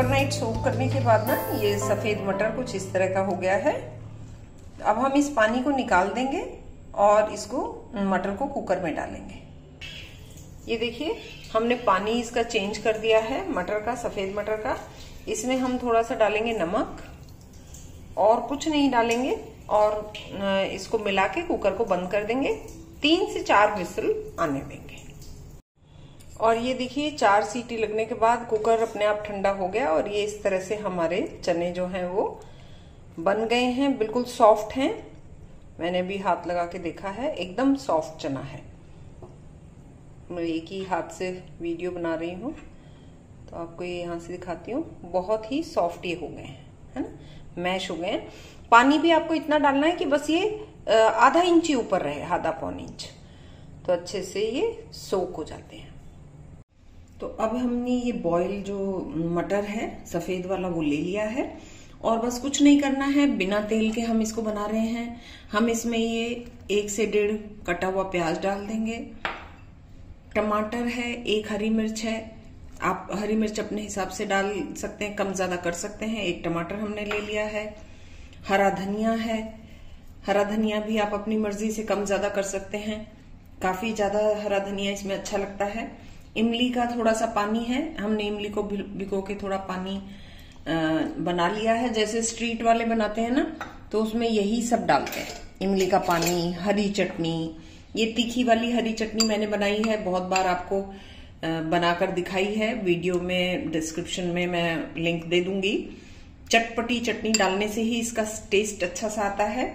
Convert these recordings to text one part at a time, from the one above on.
overnight soak करने के बाद ना ये सफ़ेद मटर कुछ इस तरह का हो गया है अब हम इस पानी को निकाल देंगे और इसको मटर को कुकर में डालेंगे ये देखिए हमने पानी इसका चेंज कर दिया है मटर का सफ़ेद मटर का इसमें हम थोड़ा सा डालेंगे नमक और कुछ नहीं डालेंगे और इसको मिला के कुकर को बंद कर देंगे तीन से चार विसल आने देंगे और ये देखिए चार सीटी लगने के बाद कुकर अपने आप ठंडा हो गया और ये इस तरह से हमारे चने जो हैं वो बन गए हैं बिल्कुल सॉफ्ट हैं मैंने भी हाथ लगा के देखा है एकदम सॉफ्ट चना है मैं एक ही हाथ से वीडियो बना रही हूँ तो आपको ये यहाँ से दिखाती हूँ बहुत ही सॉफ्ट ये हो गए हैं है ना मैश हो गए हैं पानी भी आपको इतना डालना है कि बस ये आधा इंच ही ऊपर रहे आधा पौन इंच तो अच्छे से ये सोक हो जाते हैं तो अब हमने ये बॉईल जो मटर है सफ़ेद वाला वो ले लिया है और बस कुछ नहीं करना है बिना तेल के हम इसको बना रहे हैं हम इसमें ये एक से डेढ़ कटा हुआ प्याज डाल देंगे टमाटर है एक हरी मिर्च है आप हरी मिर्च अपने हिसाब से डाल सकते हैं कम ज़्यादा कर सकते हैं एक टमाटर हमने ले लिया है हरा धनिया है हरा धनिया भी आप अपनी मर्जी से कम ज़्यादा कर सकते हैं काफ़ी ज़्यादा हरा धनिया इसमें अच्छा लगता है इमली का थोड़ा सा पानी है हमने इमली को भिगो के थोड़ा पानी बना लिया है जैसे स्ट्रीट वाले बनाते हैं ना तो उसमें यही सब डालते हैं इमली का पानी हरी चटनी ये तीखी वाली हरी चटनी मैंने बनाई है बहुत बार आपको बनाकर दिखाई है वीडियो में डिस्क्रिप्शन में मैं लिंक दे दूंगी चटपटी चटनी डालने से ही इसका टेस्ट अच्छा सा आता है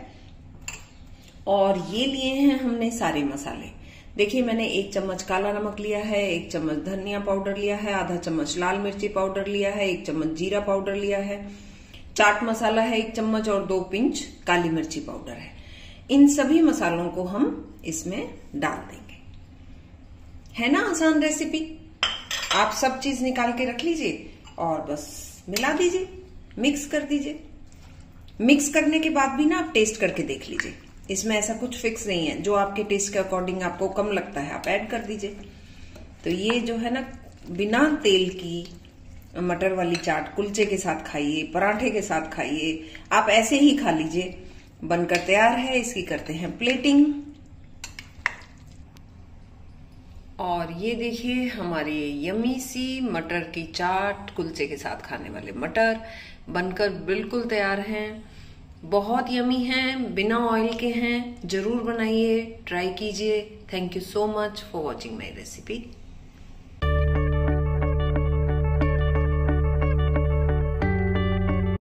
और ये लिए हैं हमने सारे मसाले देखिए मैंने एक चम्मच काला नमक लिया है एक चम्मच धनिया पाउडर लिया है आधा चम्मच लाल मिर्ची पाउडर लिया है एक चम्मच जीरा पाउडर लिया है चाट मसाला है एक चम्मच और दो पिंच काली मिर्ची पाउडर है इन सभी मसालों को हम इसमें डाल देंगे है ना आसान रेसिपी आप सब चीज निकाल के रख लीजिए और बस मिला दीजिए मिक्स कर दीजिए मिक्स करने के बाद भी ना आप टेस्ट करके देख लीजिए इसमें ऐसा कुछ फिक्स नहीं है जो आपके टेस्ट के अकॉर्डिंग आपको कम लगता है आप ऐड कर दीजिए तो ये जो है ना बिना तेल की मटर वाली चाट कुलचे के साथ खाइए पराठे के साथ खाइए आप ऐसे ही खा लीजिए बनकर तैयार है इसकी करते हैं प्लेटिंग और ये देखिए हमारी यमी सी मटर की चाट कुलचे के साथ खाने वाले मटर बनकर बिल्कुल तैयार हैं बहुत यमी हैं बिना ऑयल के हैं ज़रूर बनाइए ट्राई कीजिए thank you so much for watching my recipe